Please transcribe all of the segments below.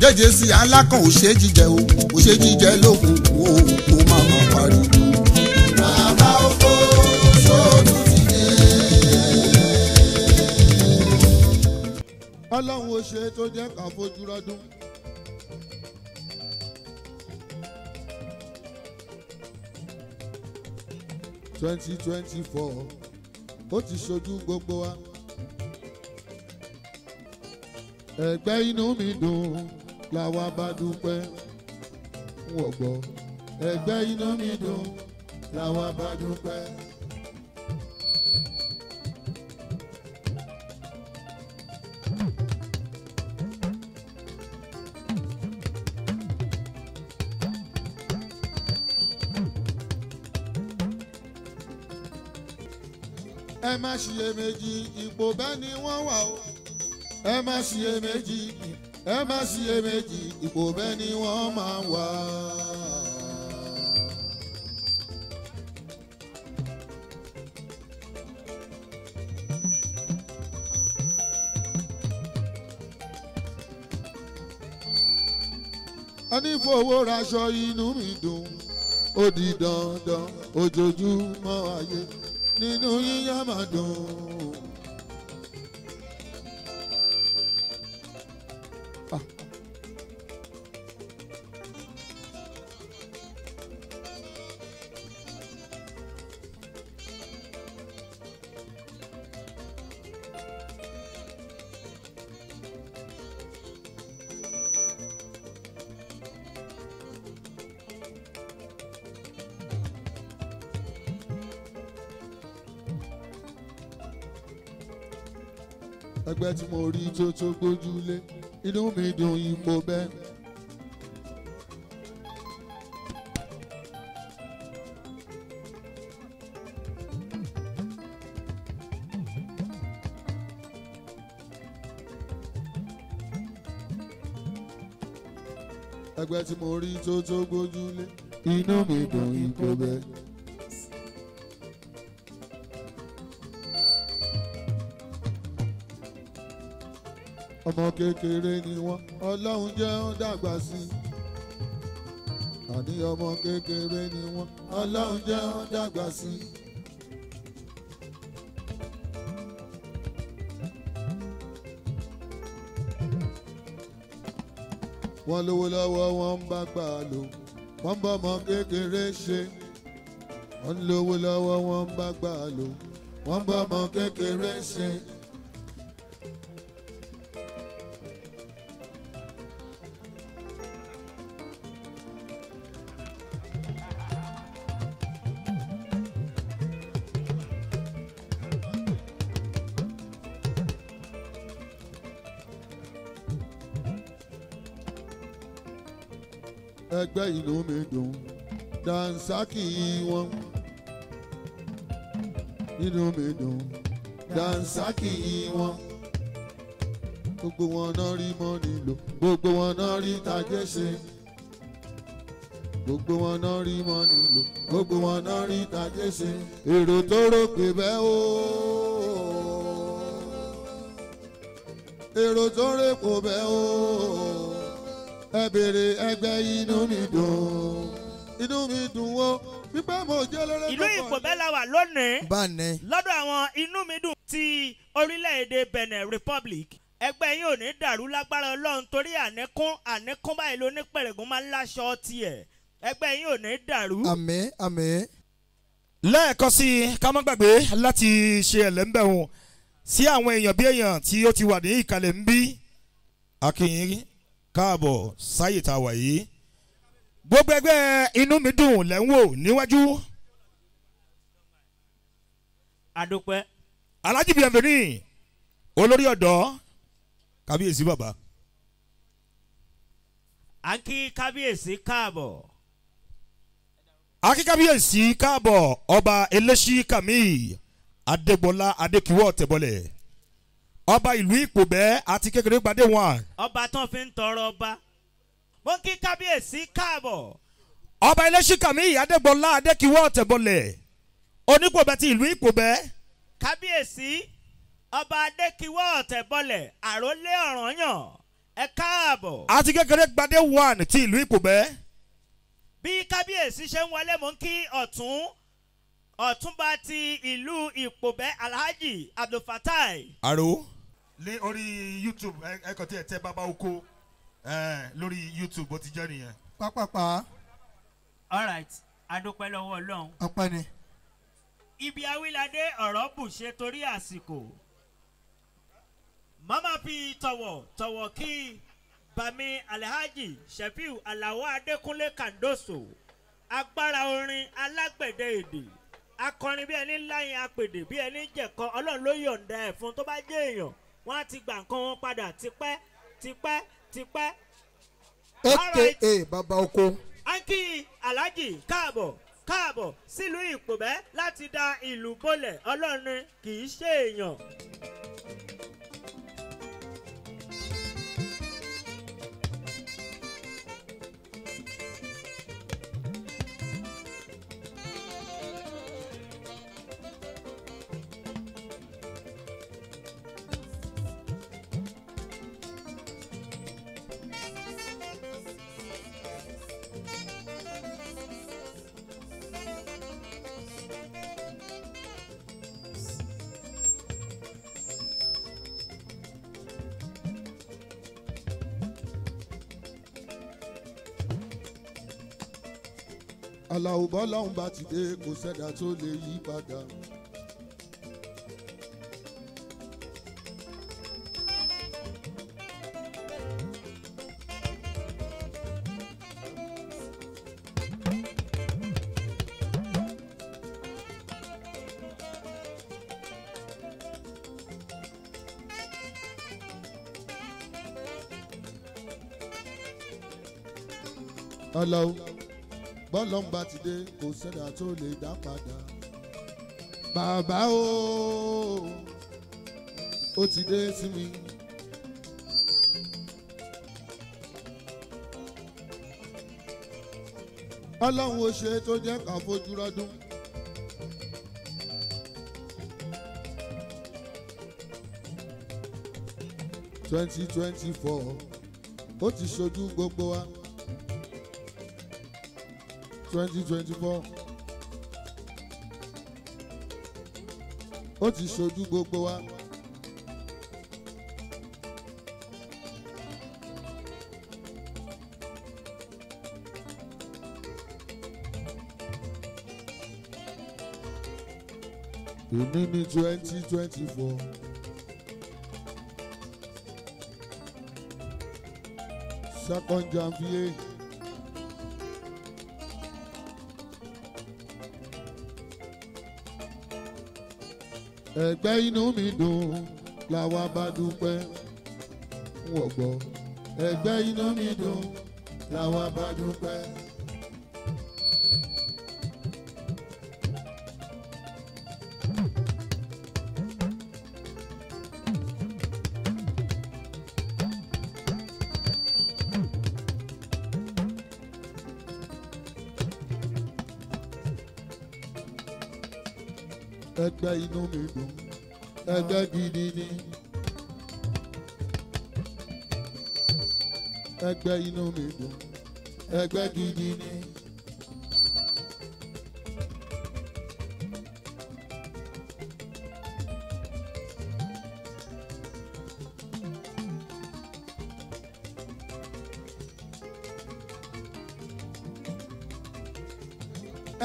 jẹ́jẹ́ sí alákàn òṣè jíjẹ o òṣè jíjẹ lókun o kò má má parí. bàbá oko sóòtú ti dé. ọlọ́run ó tó jẹ́ ká fojú rọ́dún. twenty twenty four ó ti ṣojú gbogbo wa ẹgbẹ́ inú mi dùn làwa bá dúpẹ́ ń wọ̀gbọ́ ẹgbẹ́ inú mi dùn làwa bá dúpẹ́. ẹ má ṣiyèméjì ipò bẹ́ẹ̀ ni wọ́n wà o ẹ má ṣiyèméjì ẹ má ṣiyèméjì ipò bẹ́ẹ̀ ni wọ́n máa wà. a ní fowó raṣọ inú mi dùn ó di dandan ojoojúmọ́ ayé nínú yíyá máa dùn. ẹgbẹ́ tí mo rí tó tó gbójúlé inú mi dùn ipò bẹ́ẹ̀. ẹgbẹ́ tí mo rí tó tó gbójúlé inú mi dùn ipò bẹ́ẹ̀. ọmọ kékeré ni wọ́n ọlọ́run jẹ́ ó dàgbà sí i àní ọmọ kékeré ni wọ́n ọlọ́run jẹ́ ó dàgbà sí i. wọ́n lówó lọ́wọ́ wọ́n ń bá gbà lò wọ́n bọ́ ọmọ kékeré ṣe wọ́n lówó lọ́wọ́ wọ́n ń bá gbà lò wọ́n bọ́ ọmọ kékeré ṣe. inú mi dùn dansaki wọn inú mi dùn dansaki wọn gbogbo wọn náà rí mọ́ni lò gbogbo wọn náà rí tajẹ́ ṣe gbogbo wọn náà rí mọ́ni lò gbogbo wọn náà rí tajẹ́ ṣe èrò tó rògbè bẹ́ẹ̀ o. èrò tó rè kò bẹ́ẹ̀ o ẹ bèrè ẹgbẹ́ inú mi dùn inú mi dùn o wípé mo jẹ́ lórí ẹ̀kọ́. ìlú ìpòbẹ́ wà lónìí lọ́dọ̀ àwọn inú mi dùn ti orílẹ̀-èdè Benin Republic ẹgbẹ́ yín ò ní dàrú lágbára ọlọ́run torí àníkún àníkún báyìí ló ní pẹ̀rẹ̀gùn máa ń láṣọ tiẹ̀ ẹgbẹ́ yín ò ní dàrú. àmín àmín. lẹ́ẹ̀kan sí i ká má gbàgbé láti ṣe ẹ̀lẹ́ńbẹ̀ sí àwọn èèyàn bí èèyàn tí ó ti wà ní ìkàlẹ̀ ń bí akínyìn káàbọ̀ sáyè tá a wà yìí gbogbo ẹgbẹ́ inú mi dùn lẹ́ ń wò níwájú. adúpẹ́. alhaji bienveni olórí ọ̀dọ́ kábíyèsí bàbá. a kí kábíyèsí káàbọ̀. a kábíyèsí káàbọ̀ ọba eléṣí kàmí adégbọlá adékiwọ́ tẹ̀bọlẹ̀ ọba ìlú ìpòbẹ́ àti kékeré gbadé wọn. ọba tán fi ń tọrọ ọba mo kí kábíyèsí káàbọ̀. ọba iléṣíkàmí ìyádẹ́gbọ́lá adékiwọ́ ọ̀tẹ̀bọlẹ̀ onípòbẹ́ ti ìlú ìpòbẹ́. kábíyèsí ọba adékiwọ́ ọ̀tẹ̀bọlẹ̀ àrólé ọ̀rànyàn ẹ káàbọ̀. àti kékeré gbadé one ti ìlú ìpòbẹ́. bí kábíyèsí ṣe ń wọlé mo ń kí ọ̀tún ọ̀túnba ti ìlú ìpòbẹ́ alhaji abdulfatai. àrò lé orí youtube ẹkọ tí ẹ tẹ bàbá oko lórí youtube bó ti jẹ́ nìyẹn. pápápá. alright adúpẹ́ lọ́wọ́ ọlọ́run. ọpẹ́ ni. ibi awilade ọ̀rọ̀ bù ṣe torí àsìkò mama fi tọ̀wọ̀ tọ̀wọ̀ kí bami alhaji shefiu alawo adekunle kandoso agbára orin alágbẹ̀dẹ èdè akọrin bí ẹni láyìn apèdè bí ẹni jẹ̀kọ ọlọ́run ló yọ̀ǹda ẹ̀ fún tó bá jẹ́ èèyàn wọ́n á ti gbà nǹkan wọn padà tipẹ́ tipẹ́ tipẹ́. aka bàbá oko. anki alhaji káàbọ̀ káàbọ̀ sílùú ìpòbẹ́ láti da ìlú bọ́lẹ̀ ọlọ́run kì í ṣe èèyàn. àlàó bọ́lọ́hún bá ti dé kò sẹ́dá tó lè yí padà. Hello bọ́lọ́mbà ti dé kò sẹ́dá tó lè dá padà. bàbá o ó ti dé sí mi. ọlọ́run ó ṣe tó jẹ́ ká fojú rọ́dún. twenty twenty four ó ti ṣojú gbogbo wa. 2024. twenty four. ó ti ṣojú gbogbo wa. Èmi ní twenty twenty Second Janvier. ẹgbẹ́ inú mi dùn làwa bá dúpẹ́ ń wọ̀gbọ́ ẹgbẹ́ inú mi dùn làwa bá dúpẹ́. ẹgbẹ́ inú mi dùn ẹgbẹ́ gidi ni ẹgbẹ́ inú mi dùn ẹgbẹ́ gidi ni.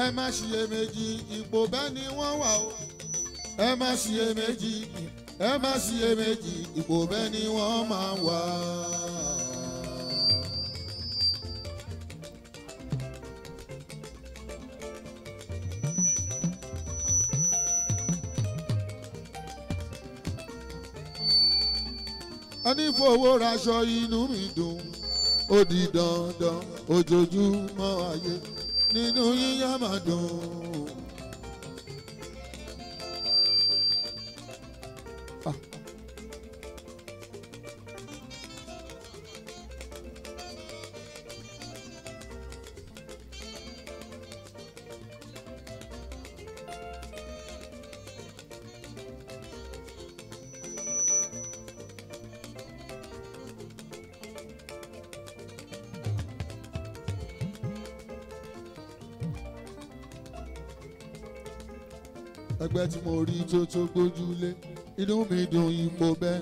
ẹ má ṣiyèméjì ipò bẹ́ẹ̀ ni wọ́n wà o ẹ má ṣiyèméjì ẹ má ṣiyèméjì ipò bẹ́ẹ̀ ni wọ́n máa wà. a ní fowó raṣọ inú mi dùn ó di dandan ojoojúmọ́ ayé nínú yíyá máa dùn. tó tó gbójúlé inú mi dùn yìí mo bẹ́ẹ̀.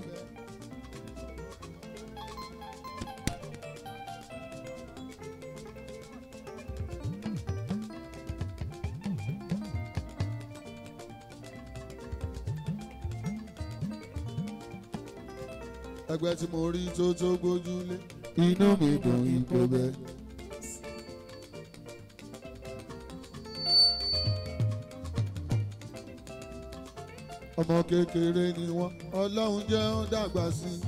ẹgbẹ́ tí mo rí tó tó gbójúlé inú mi dùn ipò bẹ́ẹ̀. ọmọ kékeré ni wọ́n ọlọ́run jẹ́ ó dàgbà sí i.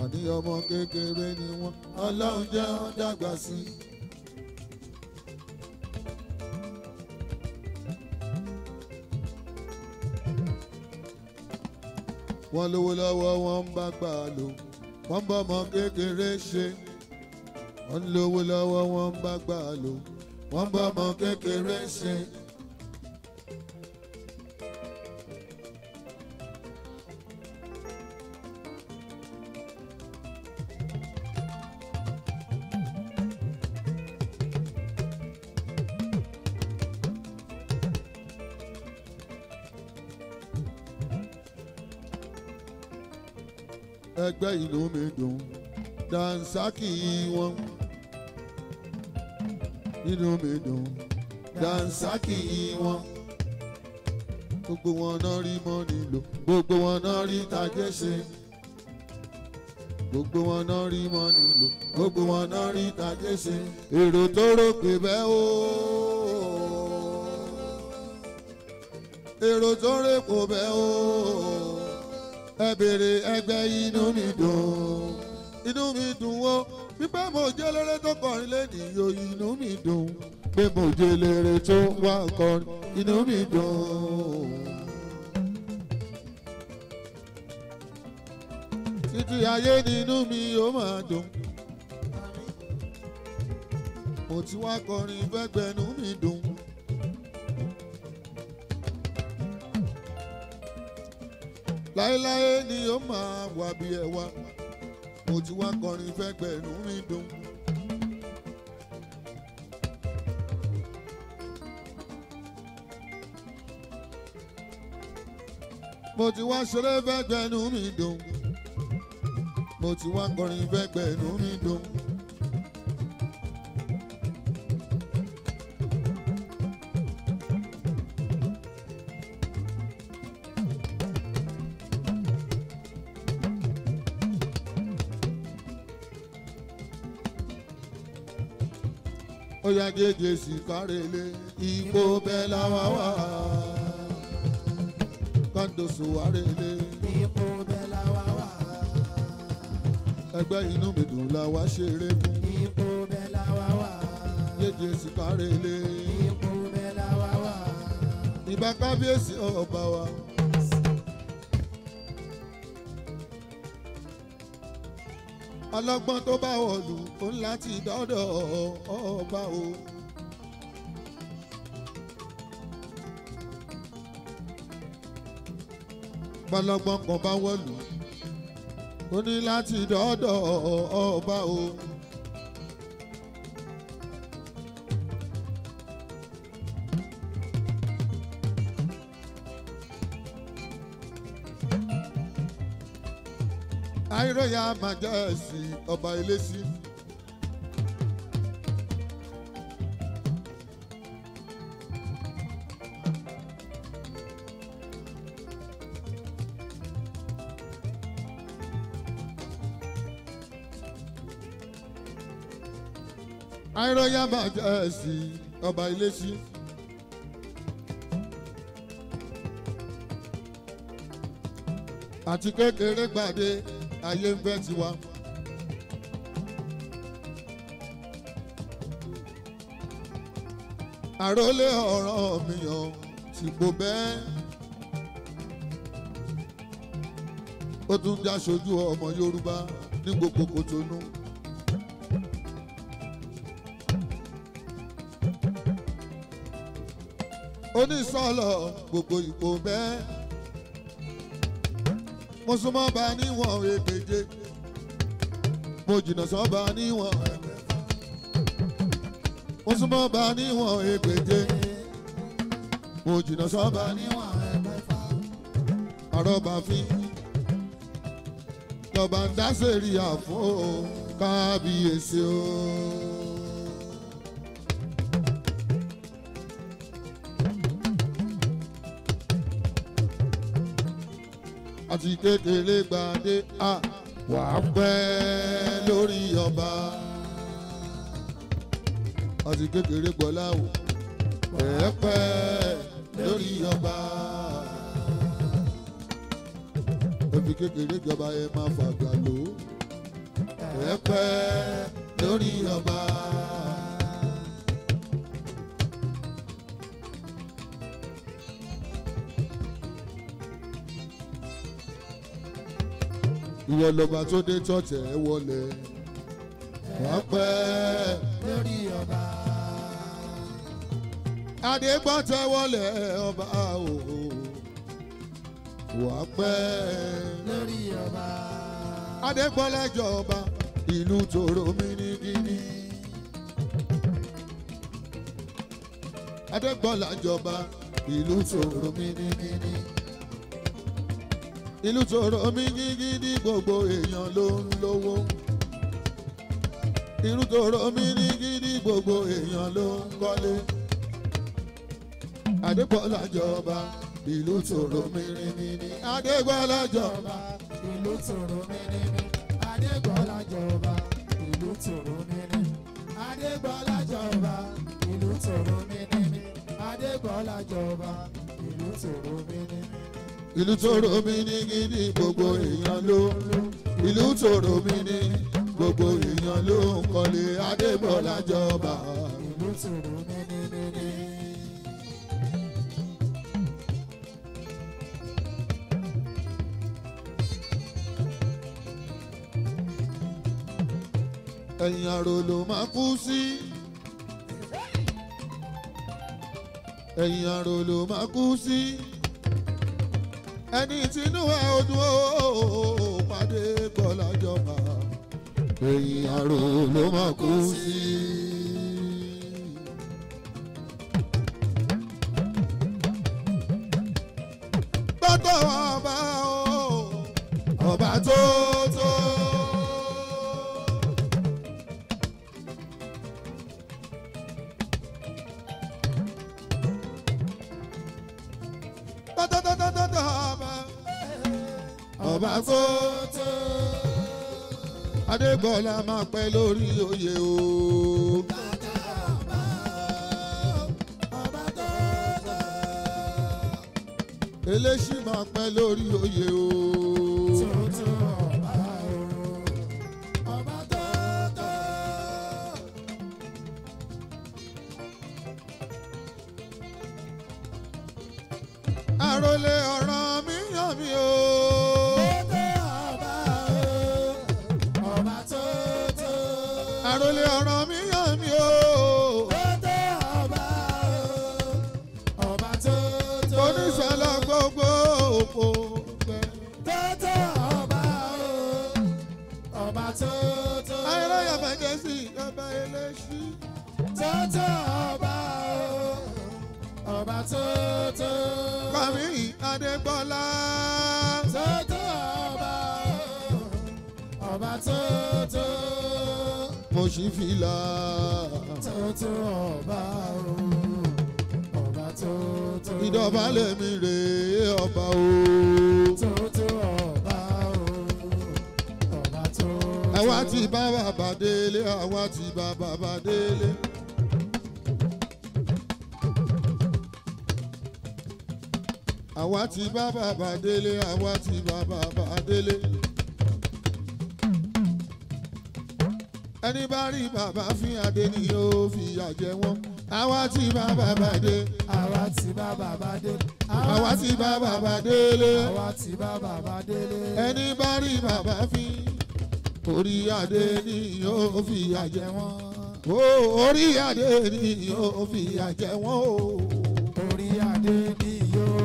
àní ọmọ kékeré ni wọ́n ọlọ́run jẹ́ ó dàgbà sí i. wọ́n lówó lọ́wọ́ wọ́n ń bá gbà lò wọ́n ń bọ́ ọmọ kékeré ṣe wọ́n lówó lọ́wọ́ wọ́n ń bá gbà lò wọ́n ń bọ́ ọmọ kékeré ṣe. ẹgbẹ́ inú mi dùn dansaki wọn inú mi dùn dansaki wọn gbogbo wọn náà rí mọ́ni lò gbogbo wọn náà rí tajẹ́ ṣe gbogbo wọn náà rí mọ́ni lò gbogbo wọn náà rí tajẹ́ ṣe èrò tó rò pé bẹ́ẹ̀ o. èrò tó rè kò bẹ́ẹ̀ o ẹ bèrè ẹgbẹ́ inú mi dùn inú mi dùn o wípé mo jẹ́ léré tó kọrin lẹ́nu iyo inú mi dùn pé mo jẹ́ léré tó wá kọrin inú mi dùn. títí ayé ni inú mi yóò máa dùn mo ti wá kọrin bẹ́gbẹ̀ẹ́nu mi dùn. láéláé ni ó máa wà bí ẹ wá mo ti wá kọrin fẹ́ gbẹ̀rún mi dùn. mo ti wá ṣeré fẹ́ gbẹ̀rún mi dùn mo ti wá kọrin fẹ́ gbẹ̀rún mi dùn. ó jeje si karele, kárẹ̀lẹ̀ ipò bẹ́ẹ̀ làwa wà kọ́ńdọ̀sù wárẹ̀lẹ̀ ipò bẹ́ẹ̀ làwa wà. ẹgbẹ́ inú mi dùn làwa ṣeré fún ipò bẹ́ẹ̀ làwa wà jẹjẹ sí kárẹ̀lẹ̀ ipò bẹ́ẹ̀ làwa wà. ìbá kábíyèsí ọba wa. ọlọ́gbọ́n tó bá wọ̀lú ó ń láti dọ́dọ̀ ọba o. bọ́lọ́gbọ́n kan bá wọ̀lú ó láti dọ́dọ̀ ọba o. royal majesty ọba elésì. àìròyà majesty ọba elésì. àti kékeré gbàdé ayé ń fẹ́ tiwa. àròlé ọ̀rọ̀ mi yàn sì kò bẹ́ẹ̀. ó tún já sojú ọmọ Yorùbá ní gbogbo Kòtónú. onísọ̀lọ̀ gbogbo ìkò bẹ́ẹ̀ mo súnmọ́ bá níwọ̀n èkejì mo jìnnà sọ́ba níwọ̀n ẹ̀mẹ́fà mo súnmọ́ bá níwọ̀n èkejì mo jìnnà sọ́ba níwọ̀n ẹ̀mẹ́fà àrọ́bà fi lọ́ba ń dá sẹ́ríyà fún kábíyèsí o. àti kékeré gbadé à wà á pẹ́ lórí ọba àti kékeré gbọ́láwò pẹ́ẹ́pẹ́ lórí ọba ẹbí kékeré jọba ẹ máa fàgbà lò pẹ́ẹ́pẹ́ lórí ọba. ìwọ lọba tó dé tọ̀tẹ̀ wọlé wọ́n pẹ́ lórí ọba. adégbọ́tẹ̀ wọlé ọba o wọ́n pẹ́ lórí ọba. adégbọ́lẹ́jọ ọba ìlú tòró mi ní gidi. adégbọ́lájọba ìlú tòró mi ní gidi ìlú tòrò mí gígídí gbogbo èèyàn ló ń lówó ìlú tòrò mí gígídí gbogbo èèyàn ló ń kọ́lé Adébọ́lá jọba ìlú tòrò mí rìnrìn Adébọ́lá jọba ìlú tòrò mí rìnrìn Adébọ́lá jọba ìlú tòrò mí rìnrìn Adébọ́lá jọba ìlú tòrò mí rìnrìn Adébọ́lá jọba ìlú tòrò mí rìnrìn ìlú tòrò mi ní gidi gbogbo èèyàn ló ìlú tòrò mi ní gbogbo èèyàn ló ń kọ́lé Adébọ́lá jọba. ìlú tòrò mi ní gidi. ẹ̀yìn àrò ló máa kú sí. ẹ̀yìn àrò ló máa kú sí ẹni tínú ẹ ò dùn ó pàdé Kọ́lájọba ẹ̀yìn àrò ló máa kú sí i. tọ́wọ́ ọba o ọba tó. bàbá tó tó adébọlá máa pẹ́ lórí oyè o. eléṣì máa pẹ́ lórí oyè o. tótó ọba o ọba tótó. kọ̀mí adébọ́lá. tótó ọba o ọba tótó. mo ṣì fìlà. tótó ọba o ọba tótó. ìdọ̀bálẹ̀ mi rèé ọba o. tótó ọba o ọba tótó. àwa ti bá bàbá délé àwa ti bá bàbá délé. àwa ti bá bàbá délé àwa ti bá bàbá délé. ẹni bá rí bàbá fi adé ni yóò fi ìyà jẹ wọ́n. àwa ti bá bàbá dé. àwa ti bá bàbá dé. àwa ti bá bàbá délé. àwa ti bá bàbá délé. ẹni bá rí bàbá fi orí adé ni yóò fi ìyà jẹ orí adé ni yóò fi ìyà jẹ orí adé ni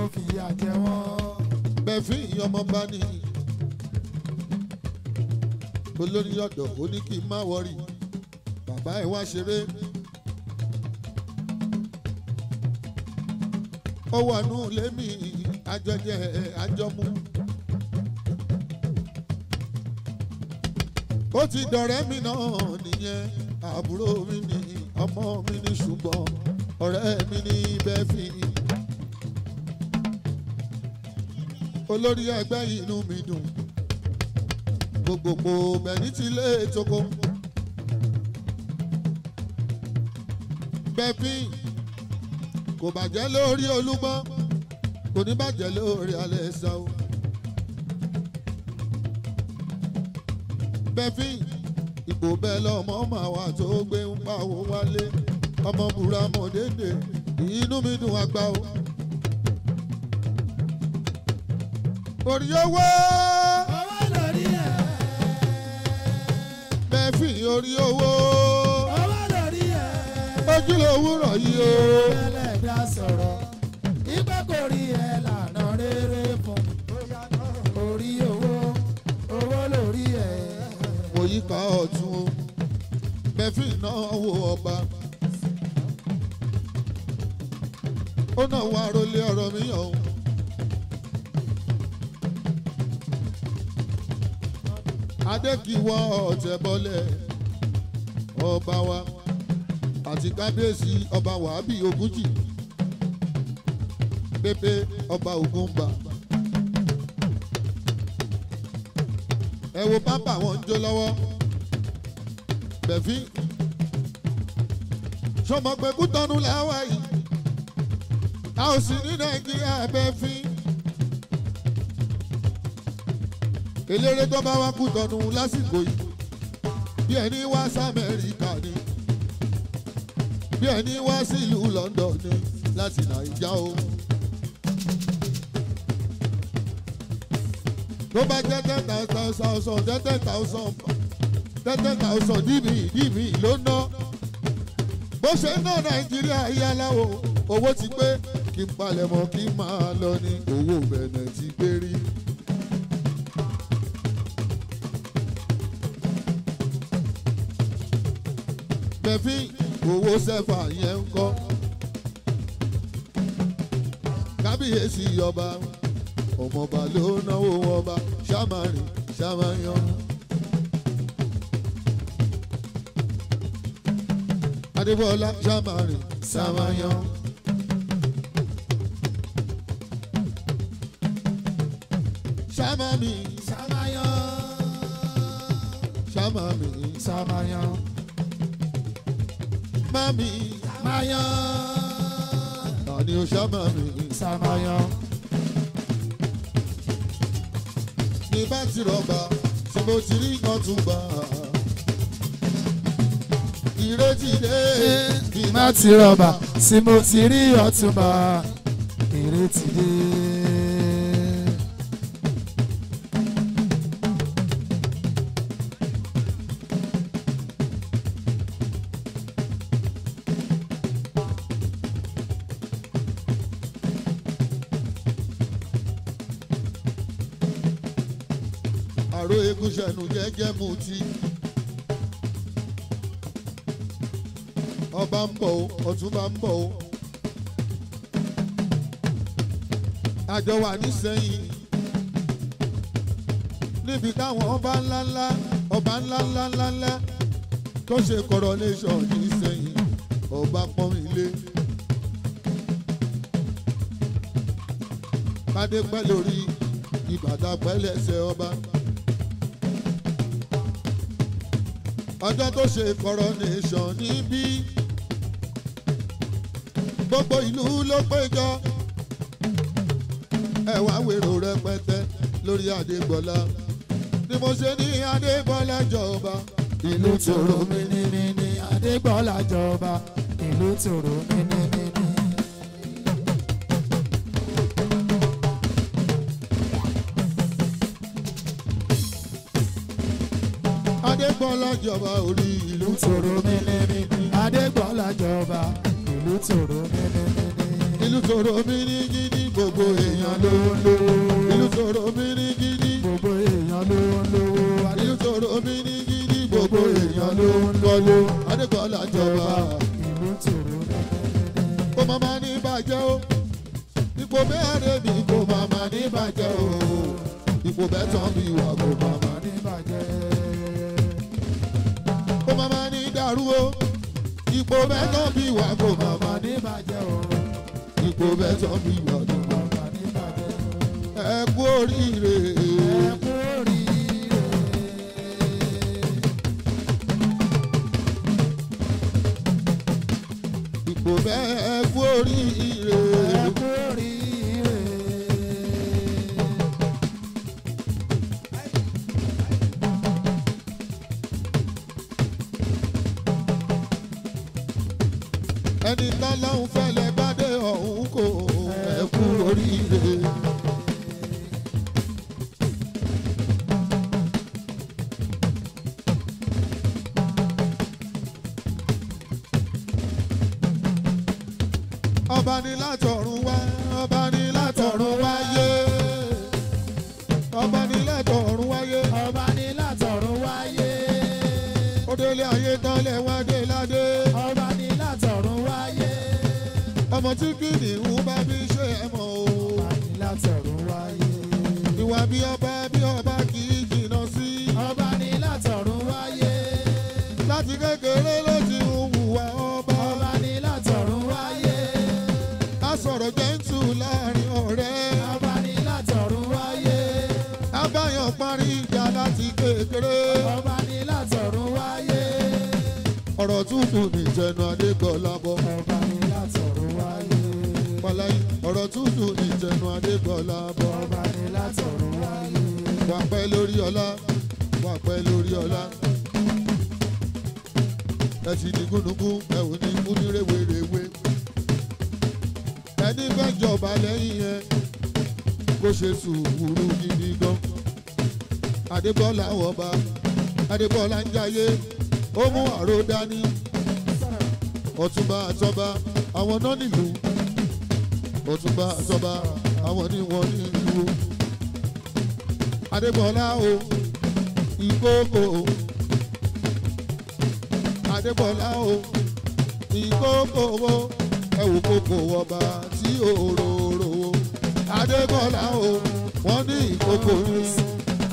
ó fìyà jẹ wọ́n. bẹ́fín ọmọ bá ní olórí ọ̀dọ̀ ó ní kí n má wọrí bàbá ẹ̀ wá ṣeré. ó wà nù lémi àjọjẹ àjọmú. ó ti dọ̀rẹ́ mi náà nìyẹn àbúrò mi ni ọmọ mi ni ṣùgbọ́n ọ̀rẹ́ mi ni bẹ́ẹ̀ fi. olórí ẹgbẹ́ inú mi dùn gbogbogbò bẹ̀ní ti lé ètòkò bẹ́pìn kò bàjẹ́ lórí olúgbọ́n kò ní bàjẹ́ lórí alẹ́ sáwọ́. bẹ́fín ipò bẹ́ẹ̀ lọ́mọ máa wà tó gbé ń pawó wálé ọmọ búra mọ̀ inú mi dùn àgbà o. orí owó. owó lórí ẹ̀. bẹ́ẹ̀ fi orí owó. owó lórí ẹ̀. ojúlówó rọ̀ yìí o. ẹlẹ́dàá sọ̀rọ̀ ìgbà kò rí ẹ̀ lànà rere fún orí owó owó lórí ẹ̀. òyì ká ọ̀tún bẹ́ẹ̀ fi náà wo ọba. ó náà wá rọlé ọ̀rọ̀ mi yàn ó. adékiwọ ọ̀tẹ̀ bọ́lẹ̀ ọba wa àti kábíyèsí ọba wàhábì ogúnjì pépé ọba ògúnba. ẹ wo pápá wọn ń jó lọ́wọ́ bẹ̀fín sọmọ pé kútọ́nù làwọn yìí a ò sì ní nàìjíríà bẹ́ẹ̀ eléré tó bá wá kú tọ̀nù lásìkò yìí bí ẹni wá sàmẹ́ríkà ni bí ẹni wá sílùú London ni láti nàìjà o. tó bá jẹ́ ten thousand jẹ́ ten thousand jẹ́ ten thousand dìbì dìbì ló ná bó ṣe ná Nàìjíríà yáláwo owó ti pé kí n palẹ̀mọ́ kí n máa lọ ní owó bẹ̀rẹ̀ ti gbérí. Josephine owó sẹ́fà yẹn ń kọ́. kábíyèsí ọba ọmọọba ló náwó ọba ṣàmárìn ṣàmáyàn. adébọ́lá ṣàmárìn ṣàmáyàn. ṣàmàmì ṣàmáyàn. ṣàmàmì ṣàmáyàn ṣọmọ mi mayan. Tani o ṣọmọ mi samayan. Ní bá ti rọ̀gbà tí mo ti rí nǹkan tún gbà. Ìrètí dé. Ní bá ti rọ̀gbà tí mo ti rí ọ̀tún gbà. Ìrètí dé. ọ̀túnba ń bọ̀ o. àjọ wà nísẹ̀yìn níbi táwọn ọba ńláńlá ọba ńláńláńlá tó ṣe coronation nísẹ̀yìn ọba pọ́nmilé. kádé pẹ́ lórí ìbàdà pẹ́ lẹ́sẹ̀ ọba. ọjọ́ tó ṣe coronation níbí gbogbo ìlú ló péjọ ẹ wá wèrò rẹpẹtẹ lórí Adébọ́lá ni mo ṣe ní Adébọ́lá jọba ìlú tòrò mímímí Adébọ́lá jọba ìlú tòrò mímímí. Adégbọ́lá jọba orí ìlú tòrò mímímí Adégbọ́lá jọba ìlú tòrò mẹ́nẹ́mẹ́nẹ́. ìlú tòrò mìrìngìdì gbogbo èèyàn ló ń lówó. ìlú tòrò mìrìngìdì gbogbo èèyàn ló ń lówó. ìlú tòrò mìrìngìdì gbogbo èèyàn ló ń Adékọ̀ọ́lá jọba. ìlú tòrò mẹ́nẹ́mẹ́nẹ́. kó má ní bàjẹ́ o ipò mẹ́rin mi kó má má ní bàjẹ́ o ipò mẹ́tàn mi wà kó má má ní bàjẹ́. kó má má ní dàrú o ipò mẹ́tọ́ bí wà kò màmá ní bàjẹ́ ọ̀run ipò mẹ́tọ́ bí wà kò màmá ní bàjẹ́ ọ̀run ẹ kú oríire. ẹni tọ́lọ́hún fẹ́lẹ́ bá dé ọ̀hún kò ẹ̀kú oríire. ọlá ń jayé ó mú àrò dání ọ̀túnba àtọba àwọn náà nílùú ọ̀túnba àtọba àwọn ní wọn nílùú adébọlá o ìkókò adébọlá o ìkókò wo ẹ wò kókò ọba tí òróró wo adébọlá o wọn ní ìkókò ní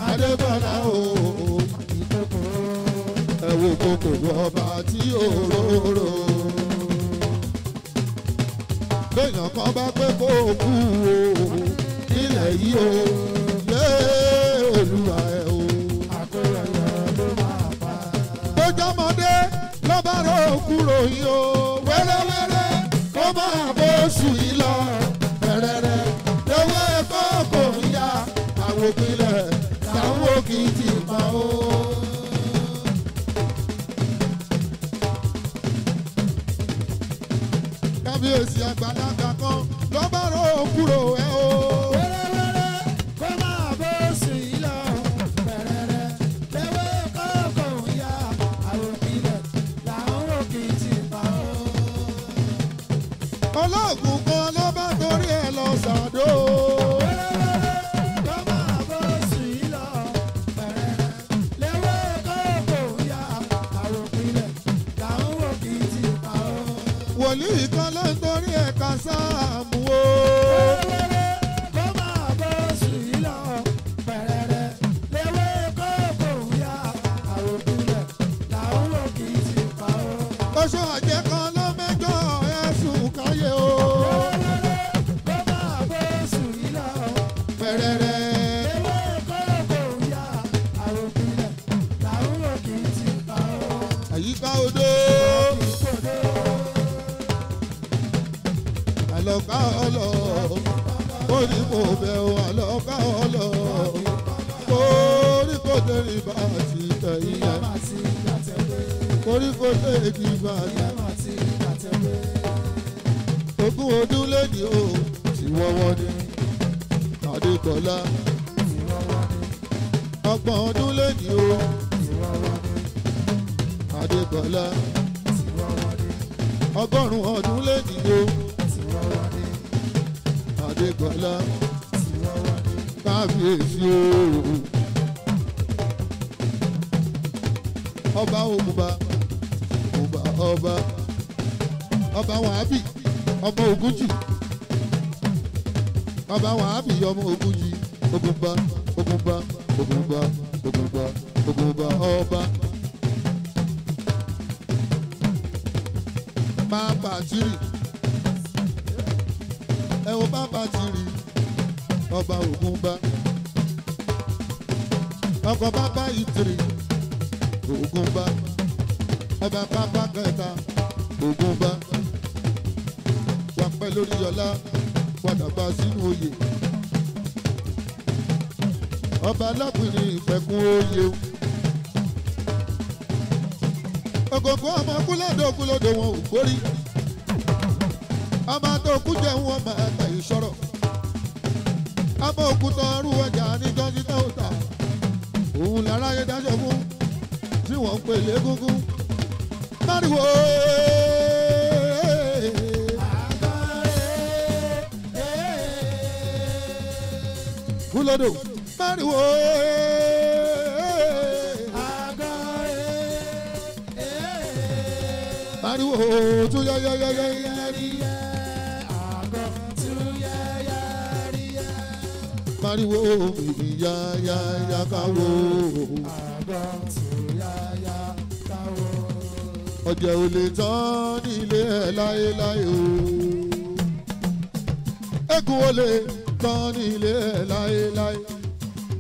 adébọlá o òróró kòkòrò ọba tí òróró. Béèyàn kan bá pé kó o kú o nílẹ̀ yìí o yé olúwa ẹ o. Àkóranyà ló máa pa. Bójọ́mọdé ló bá rò kúrò yìí o wẹ́rẹ́wẹ́rẹ́ kó máa bó oṣù yìí lọ rẹ̀rẹ̀rẹ̀ lọ́wọ́ ẹ̀kọ́ kò ń ya àwọn òpinlẹ̀ táwọn òkìtì. kábíyèsí àgbàlagbà kan lọ́bàrò kúrò ẹ fòtẹ́lì bá ti tẹ̀ iye. Torí fòtẹ́lì kì í bá ti Ogún ọdún lẹ́yìn o ti wọ́wọ́ ni. Adékọ̀lá. Ọgbọ̀n ọdún lẹ́yìn o. Adékọ̀lá. Ọgọ́rùn-ún ọdún lẹ́yìn o. Adékọ̀lá. Kábíyèsí o. ọba ògùnbà ògùnbà ọba ọba wàhábì ọmọ ògúnjì ọba wàhábì ọmọ ògúnjì ògùnbà ògùnbà ògùnbà ògùnbà ògùnbà ọba. bàbá tìrì ẹ wo bàbá tìrì ọba ògùnbà ọkọ̀ bàbá ìtìrì. Ògúnbá ọba pápá kẹta Ògúnbá wà pẹ́ lórí ọlá padà bá sínú oyè ọba alápìnrin ìfẹ́kùn oyè o ògògùn ọmọ kúlódò kúlódò wọn ò gbórí ọmọ tó kú jẹun ọmọ àgbà ìṣọ̀rọ̀ ọmọ òkúta ọrùn ọjà níjọ́ níta òta òun làráyé dájọ́ fún tí wọ́n ń pè légúngún máriwo. kúlódò máriwo. máriwo tún yáyáyáyá. pariwo ìyá ya ya ya káwo. àgbà tí ọjọ́ ò lè tán nílé ẹ̀ láéláé o. eégún ò lè tán nílé ẹ̀ láéláé.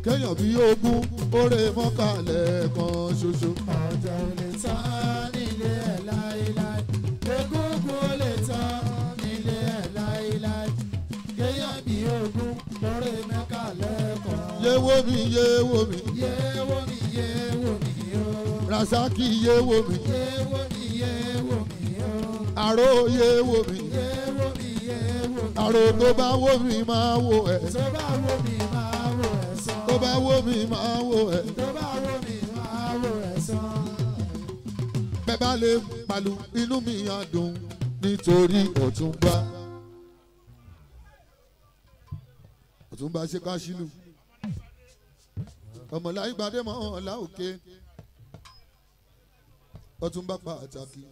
kéèyàn bí ogún oore mọ́kànlẹ̀ kan ṣoṣo. ọjọ́ ò lè tán nílé ẹ̀ láéláé. egungun ò lè tán nílé ẹ̀ láéláé. kéèyàn bí ogún oore mọ́kànlẹ̀ kan. yéwo mi yéwo mi. yéwo mi yéwo mi rasaki yéwo mi. yéwo mi àròyé wò mí àrò tó bá wò mí máa wò ẹ tó bá wò mí máa wò ẹ sàn tó bá wò mí máa wò ẹ tó bá wò mí máa wò ẹ sàn. bẹ́ẹ̀ bá lè palu inú mi á dùn nítorí Ọ̀túnba Ọ̀túnba ṣe káṣílù ọmọláyé gbadé mọ́ ọ̀la òkè ọ̀túnba pàtàkì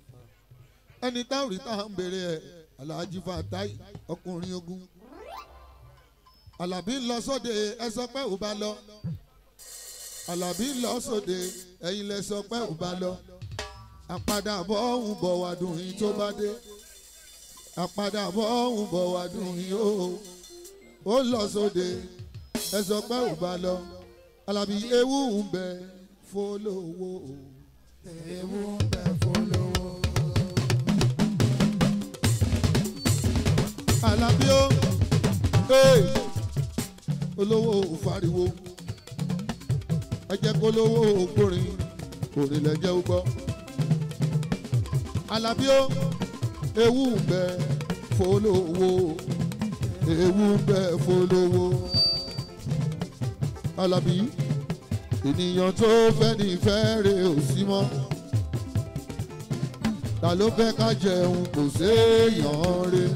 ẹni táwọn rí táwọn béèrè ẹ alhaji fatai ọkùnrin ogun alábí ń lọ sóde ẹ sọ pé ò bá lọ alábí ń lọ sóde ẹ̀yin lẹ sọ pé ò bá lọ àpadàbọ̀ ọ̀hún bọ̀ wá dùn yín tó bá dé àpadàbọ̀ ọ̀hún bọ̀ wá dùn yín o ó lọ sóde ẹ sọ pé ò bá lọ alábí ewu ń bẹ fọlọ́wọ́ o ewu ń bẹ fólówó. alábíó olówó òfariwo ẹ jẹ́ kó lówó ògbórin orin lẹ́jẹ́ ó gbọ́. alábíó ewu bẹ fólówó ewu bẹ fólówó alábí ènìyàn tó fẹ́ ní ìfẹ́ rè ò sí mọ́ ta ló fẹ́ ká jẹun kò séèyàn rè.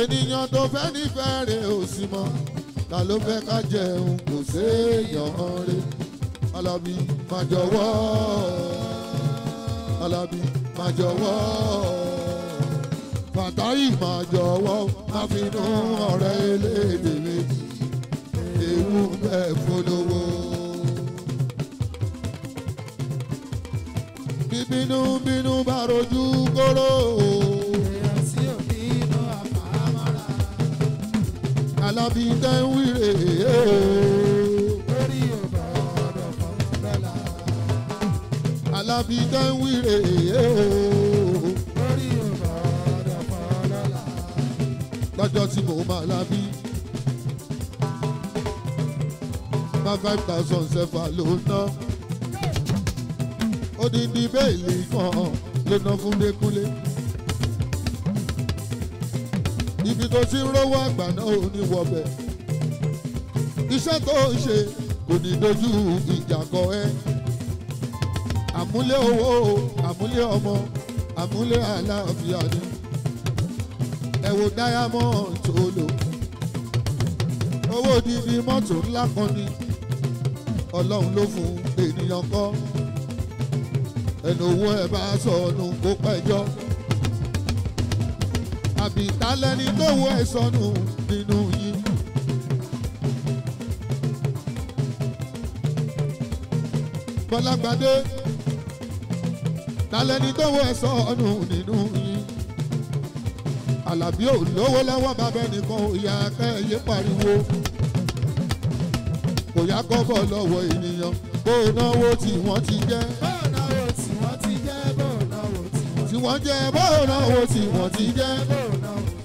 ènìyàn tó fẹ́ ní ìfẹ́ rè ò sí mọ́ ta ló fẹ́ ká jẹun kò séèyàn rè. Alábí má jọ̀wọ́ Alábí má jọ̀wọ́ Fàtáì má jọ̀wọ́ má finú ọ̀rẹ́ elédè mú bẹ́ẹ̀ fọlọ́wọ́. bíbínú bínú bá rojú kóró. èèyàn sí òbí lọ àfàmọ́ra. alábí ń wíre. lórí ọ̀bà ọ̀dọ̀ kan lọ́la. ń wíre. lórí ọ̀bà ọ̀dọ̀ kan lọ́jọ́ tí mo máa lábẹ́. five thousand sefa ló ná odindi bẹ́ẹ̀lì kan ló ná fún Dékúnlé ibi tó ti ń rówó àgbà náà ò ní wọbẹ̀ iṣẹ́ tó ń ṣe kò ní dojú ìjà kọ ẹ́ àmúlé owó àmúlé ọmọ àmúlé àlàáfíà ni ẹ wo diamond tó lò owó dídí mọ́tò ńlá kan ni ọlọ́run ló fún ènìyàn kọ́ ẹnu owó ẹ bá sọnù kó pẹ́jọ́ àbí tálẹ́ni tó wọ ẹ sọnù nínú yín. Bọ́lágbadé tálẹ́ni tó wọ ẹ sọnù nínú yín. Àlàbí ò lọ́wọ́ bàbá ẹnìkan ò yá pariwo ìyá kọ́bọ̀ lọ́wọ́ ènìyàn bó náwó tí wọ́n ti jẹ́. bó náwó tí wọ́n ti jẹ́ bó náwó tí wọ́n jẹ́ bó náwó tí wọ́n ti jẹ́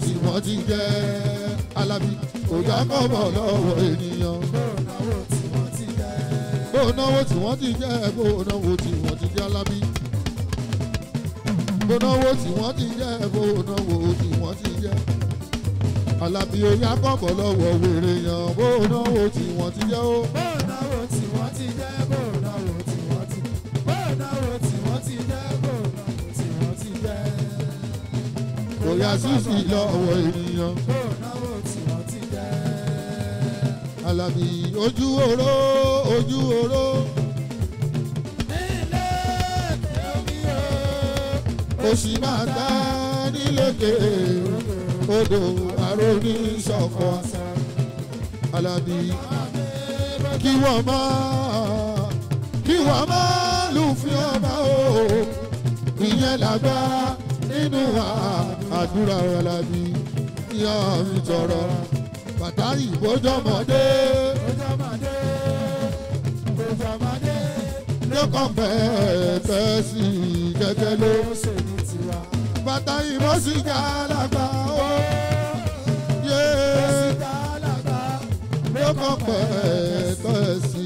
tí wọ́n ti jẹ́ alábí ìyá kọ́bọ̀ lọ́wọ́ ènìyàn. bó náwó tí wọ́n ti jẹ́ bó náwó tí wọ́n ti jẹ́ alábí. bó náwó tí wọ́n ti jẹ́ bó náwó tí wọ́n ti jẹ́. Àlàbí oyá kọ̀bọ̀ lọ́wọ́ wèrè yan bó náwó tí wọ́n ti jẹ́ ó. bó náwó tí wọ́n ti jẹ́ bó náwó tí wọ́n ti bó náwó tí wọ́n ti jẹ́ bó náwó tí wọ́n ti jẹ́. Oyá sísì lọ́wọ́ ènìyàn. bó náwó tí wọ́n ti jẹ́. Àlàbí ojú oró ojú oró. Oṣì máa ta nílé kéré odò lórí ìṣọ̀kan alábí kí wọ́n máa kí wọ́n máa lùfín ọba o ìyẹn làgbá nínú àdúrà alábí ìyá mi tọrọ bàtà ìbójọmọdé lọ́kàn pẹ́ẹ́pẹ́ sí i gẹ́gẹ́ ló bàtà ìbọ́sí gàlágbá. pẹ́ tẹ̀sí.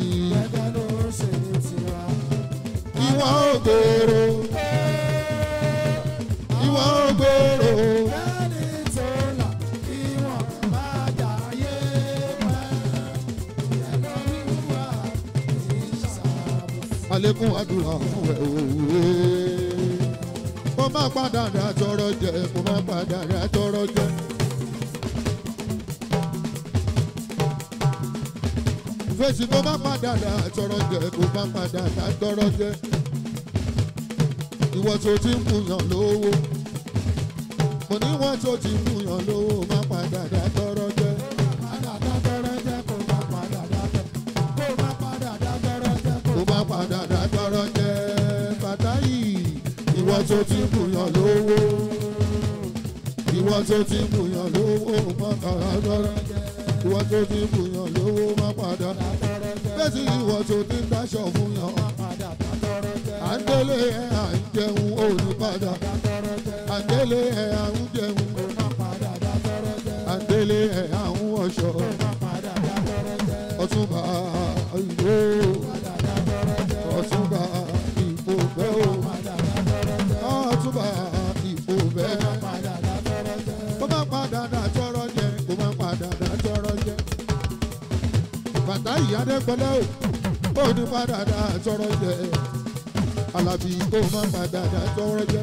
Ìwọ ògbèrò. Ìwọ ògbèrò. Àlékún àdúrà fún ẹ̀ òwe. Mo máa padà rà tọrọ jẹ, mo máa padà rà tọrọ jẹ. fèsì tó bá padà dà tọrọ jẹ kó bá padà dà tọrọ jẹ ìwọ tó ti ń kùyàn lówó mo ní wọn tó ti ń kùyàn lówó má padà dà tọrọ jẹ. kó má padà dà tọrọ jẹ fàtáyì ìwọ tó ti ń kùyàn lówó ìwọ ti ń kùyàn lówó má ti ń kùyàn olówó má padà bẹ́ẹ̀ sì ìwọ tó ti ń dáṣọ fún yàn à ń délé ẹ̀ à ń jẹun ò ní padà à ẹ̀ à ń jẹun à ẹ̀ à ń wọṣọ ọtún bá àtà ìyádẹ́gbẹ́lẹ́ o ó ní padà dá àtọrọ jẹ alábí kó má padà dá àtọrọ jẹ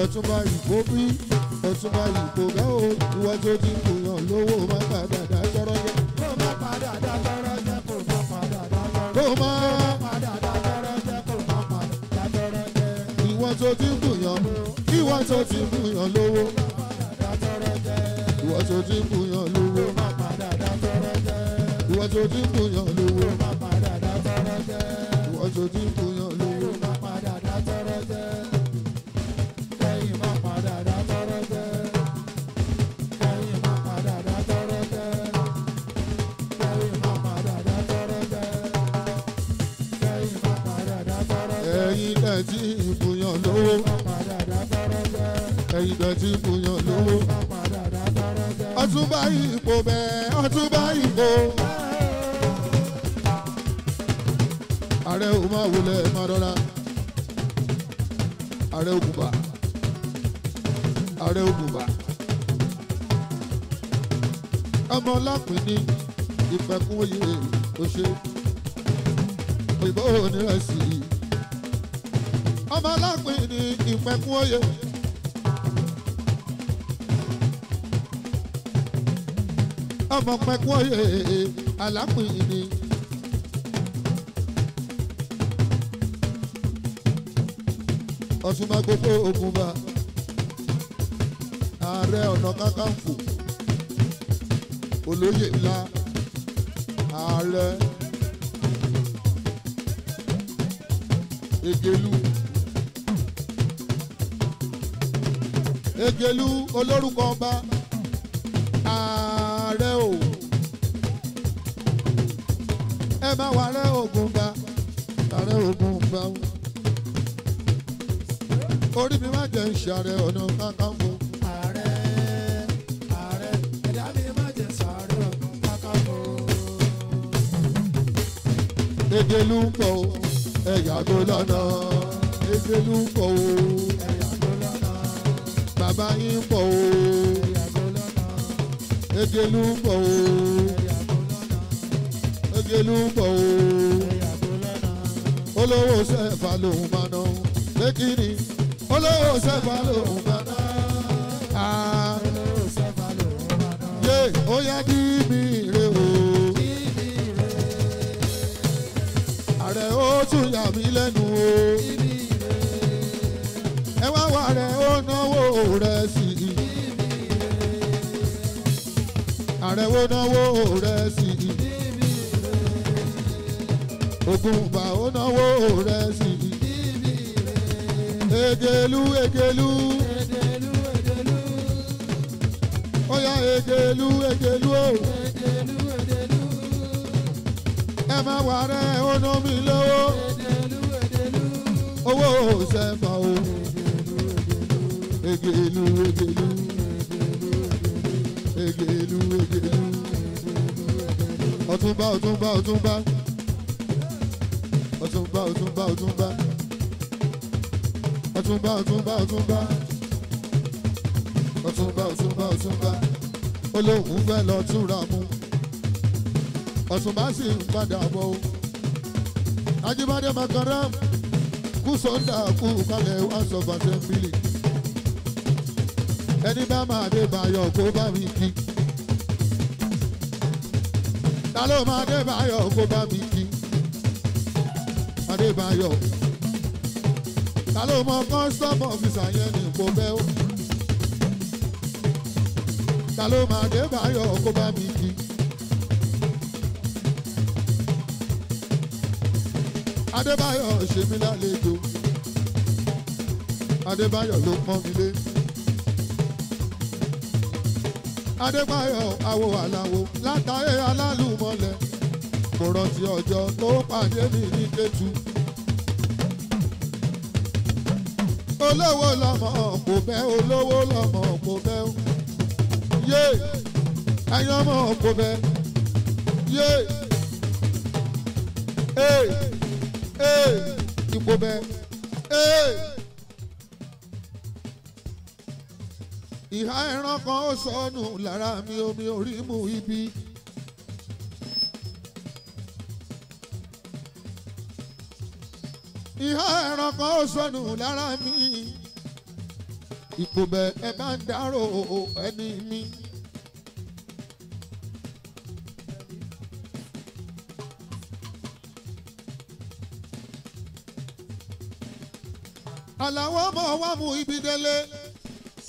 ọ̀túnba ìbò bí ọ̀túnba ìbò gá o ìwọ tó ti kùyàn lówó má padà dá àtọrọ jẹ. kó má padà dá àtọrọ jẹ kó má padà dá àtọrọ jẹ. kó má padà dá àtọrọ jẹ kó má padà dá àtọrọ jẹ. ìwọ tó ti kùyàn ìwọ tó ti kùyàn lówó ìwọ tó ti kùyàn lówó ṣojú ìbòyàn lówó. Ó máa padà dá tọrọ jẹ́. Ìwọ ṣojú ìbòyàn lówó. Ó máa padà dá tọrọ jẹ́. Kẹ́yìn máa padà dá tọrọ jẹ́. Kẹ́yìn máa padà dá tọrọ jẹ́. Kẹ́yìn máa padà dá tọrọ jẹ́. Kẹ́yìn máa padà dá tọrọ jẹ́. Ẹ̀yin lẹ̀ tí ìbòyàn lówó. Ó máa padà dá tọrọ jẹ́. Ẹ̀yin lẹ̀ tí ìbòyàn lówó. Ó máa padà dá tọrọ jẹ́. Ọtúnba ìbò bẹ́ẹ̀ ọtúnba ìbò. ààrẹ ò máa wulẹ̀ máa rọra ààrẹ ògùnbà ààrẹ ògùnbà ọmọ lápín ní ìfẹ́kúnwòye òṣè òyìnbó onírẹ̀sì ọmọ lápín ní ìfẹ́kúnwòye. ọmọ pẹkúnwòye alápín ní. ọ̀ṣun mágógó ògùnbà ààrẹ ọ̀nà kakanfò olóyè ńlá ààrẹ egelu egelu olórúkọ ọba ààrẹ o ẹ bá wà rẹ ògùnbà ààrẹ ògùnbà o orí mi má jẹ́ ń ṣe ọ̀nà kakanfò. ààrẹ ààrẹ ẹ̀dá mi má jẹ́ sàárẹ̀ ọ̀nà kakanfò. ege ló ń pọ̀ o ẹ̀yà tó lọ́nà ege ló ń pọ̀ o ẹ̀yà tó lọ́nà bàbá yín pọ̀ o ẹ̀yà tó lọ́nà ege ló ń pọ̀ o ẹ̀yà tó lọ́nà ege ló ń pọ̀ o ẹ̀yà tó lọ́nà olówó sẹ́fà lòun máa ná lẹ́kìnrin olówó sẹ́fà lòun bàtà. olówó sẹ́fà lòun bàtà. yé ó yá kí mi rè o. ààrẹ ó tún yà mí lẹ́nu o. ẹ wá wà rẹ̀ ó náwó rẹ̀ sí i. ààrẹ ó náwó rẹ̀ sí i. Ògùnbà ó náwó rẹ̀ sí i. Egelu egelu. Egelu egelu. Ó egelu egelu o. Egelu egelu. Ẹ máa wà rẹ̀ ọ̀nà mi lọ́wọ́. Egelu egelu. Owó ṣẹ̀fà o. Egelu egelu. Egelu egelu. Ọ̀túnba ọ̀túnba ọ̀túnba. Ọ̀túnba ọ̀túnba ọ̀túnba. Zumba zumba zumba, zumba zumba zumba. olóhùn fẹ́ lọ túnra mú ọ̀túnba sì ń padà bọ̀ o Ajíbádé makara kú sọ́ńdà kú kalẹ̀ house of assembly ẹni bá máa dé báyọ̀ kó bá mi kí ta ló máa dé báyọ̀ kó bá mi kí Adébáyọ̀ ta ló mọ custom officer yẹn ní ipò bẹ́ ó ta ló máa dé báyọ̀ kó bá mi kí. adébáyọ̀ ṣe mí lálejò adébáyọ̀ ló pọ́n mi lé adébáyọ̀ awo aláwo látàrí alálùmọ́lẹ̀ mo rántí ọjọ́ tó pàdé mi ní kẹ́tù. olówó lọ́mọ kò bẹ́ olówó lọ́mọ kò bẹ́ o yé ẹyin ọmọ kò bẹ́ yé e e ìkò bẹ́ e. ìhà ẹran kan ó sọnù lára mi omi orí mu ibi. ìhà ẹranko sọnù lára mi ìpòbẹ ẹ bá ń dárò ẹni mi. àlàwọ̀ ọmọ wa mú ibi délé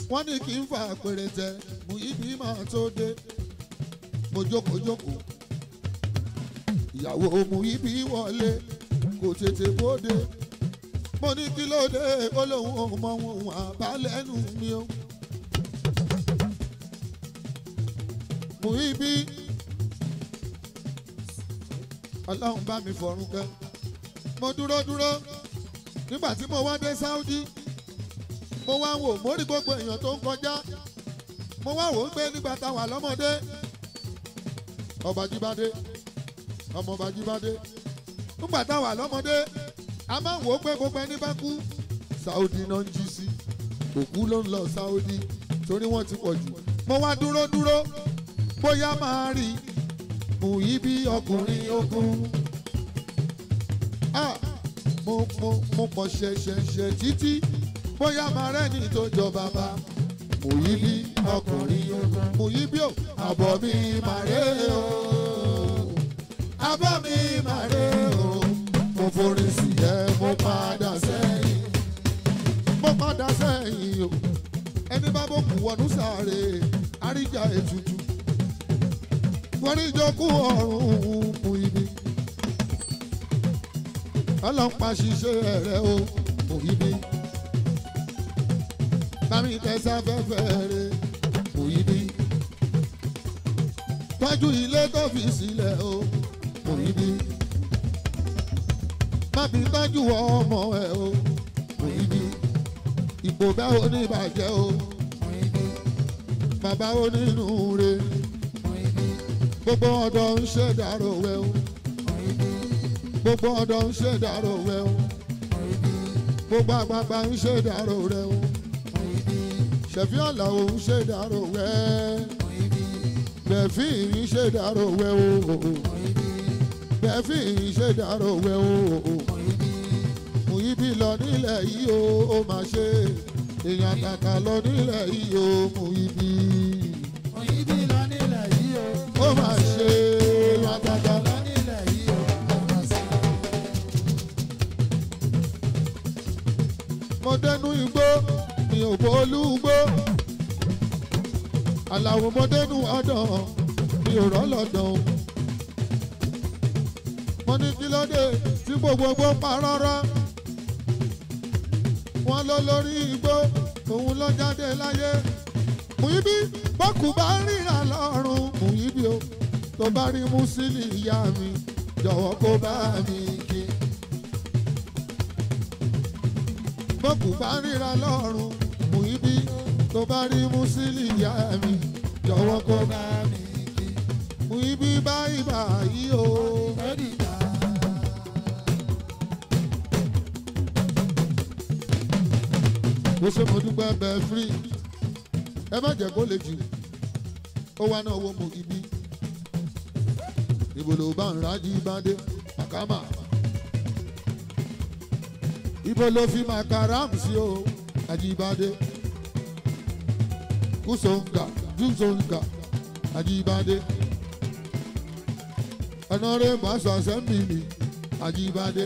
wọ́n ní kí n fa péréte mú ibi máa tó dé mo jókòó jókòó ìyàwó mú ibi wọlé kò tètè bóde. mo ní kí ló dé ó lóun ò mọ ohun àbálẹ́nu mi o. Muibi ọlọ́run bá mi fọ̀run kẹ́ mo dúró dúró nígbà tí mo wá dé Saudi mo wá wò mo rí gbogbo èèyàn tó ń kọjá mo wá wò ó pé nígbà táwa lọ́mọdé ọba jíbádé ọmọ ọba jíbádé nígbà táwa lọ́mọdé a máa ń wò ó pé gbogbo ẹni bá kú Saudi náà ń jí sí òkú ló ń lọ Saudi torí wọ́n ti pọ̀ jù mo wá dúró dúró bóyá máa rí mú yí bí ọkùnrin ogun ah, mo mo mo pọ̀ ṣẹ̀ṣẹ̀ṣẹ̀ títí bóyá máa rẹ́ni tó jọ bàbá mú yí bí ọkùnrin ogun mú yí bí ò àbọ̀ mi màrè o àbọ̀ mi màrè o mo forí sí ẹ mo padà sẹ́yìn mo padà sẹ́yìn o ẹni bá bó kù wọnú sáré àríjà ètùtù foríjọkú ọ̀run mú ibi ọlọ́pàá ṣiṣẹ́ rẹ o mú ibi bámi tẹ̀sáfẹ́fẹ́ rẹ mú ibi tọ́jú ilé tó fi sílẹ̀ o mú ibi fi tọ́jú ọmọ ẹ o Muyideen ìbò bá oníbàjẹ́ o Muyideen bàbá onínúure Muyideen gbogbo ọ̀dọ́ ń ṣèdárò wẹ o Muyideen gbogbo ọ̀dọ́ ń ṣèdárò wẹ o Muyideen gbogbo àgbààgbà ń ṣèdárò rẹ o Muyideen ṣẹ̀fí àlàó ń ṣèdárò wẹ Muyideen gbẹ̀fí ń ṣèdárò wẹ o bẹ́ẹ̀fì ṣèdárò wẹ̀ o. Mùyíbí lọ nílẹ̀ yìí o, ó máa ṣe. Èèyàn kàkà lọ nílẹ̀ yìí o, Mùyíbí. Mùyíbí lọ nílẹ̀ yìí o, ó máa ṣe. Èèyàn kàkà lọ nílẹ̀ yìí o, ó máa ṣe. Mo dẹnu igbó, mi ò bọ́ olúgbó. Àlàó mo dẹnu ọ̀dàn, mi ò rọ́ lọ́dàn wọ́n ní kí ló dé tí gbogbogbò pa rọ́rọ́ wọ́n ló lórí igbó òun ló jáde láyé Muyideen bọ́kù bá rìn àlọ́run Muyideen o tó bá rí Musili ìyá mi jọ̀wọ́ kó bá mi kí. bọ́kù bá rìn àlọ́run Muyideen tó bá rí Musili ìyá mi jọ̀wọ́ kó bá mi kí. Muyideen báyìí báyìí o. mo ṣe mo dúpẹ́ bẹ́ẹ̀ free ẹ má jẹ́ kó le jù ó wá náà wó mu ibi ìbò ló bá ń rájí bá dé màkàmà ìbò ló fi màkàràm sí o àjíbádé kùsọ̀ǹgà jùsọ̀ǹgà àjíbádé ẹnọ́rẹ́ màṣọ àṣẹ́mbì mi àjíbádé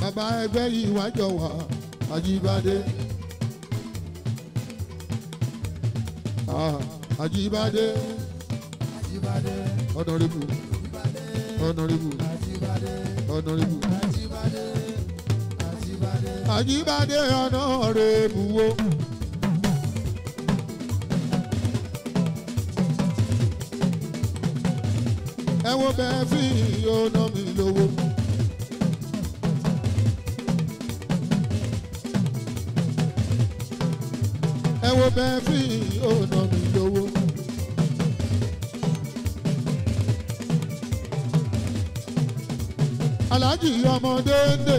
bàbá ẹgbẹ́ yìí wájọ wà. Wa. Ajibade, Ajíbádé. Ah, Ajíbádé. Ajibade, Ọ̀nàrẹ́bù. Ajíbádé. Ọ̀nàrẹ́bù. Ajíbádé. Ajibade, Ajibade, ọ̀nàrẹ́bù wo. Oh. Ẹ wo bẹ́ẹ̀ fi ìyóná mi lówó. ó bẹ́ fi ọ̀nà mi lówó. aláàjì ọmọ déédéé.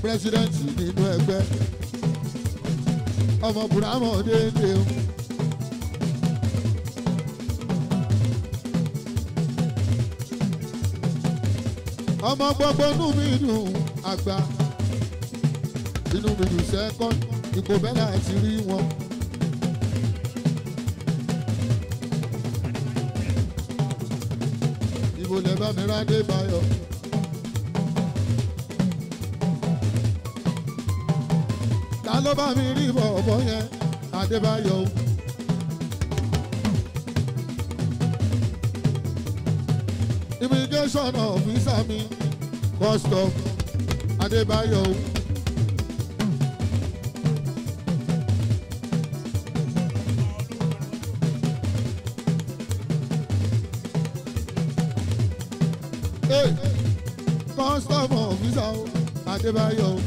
pírẹsidẹ́ǹtì nínú ẹgbẹ́ ọmọ buramu déédéé o. ọmọ gbogbo inú mi dùn àgbà inú mi dùn sẹ́kọ́n ìkó bẹ́ẹ̀ láti rí wọn. ìbò lè bá mi rádé báyọ̀. ta ló bá mi rí bọ̀bọ̀ yẹn Adébáyọ̀ o. immigration officer mi custom Adébáyọ̀ o. Adébáyọ̀ o.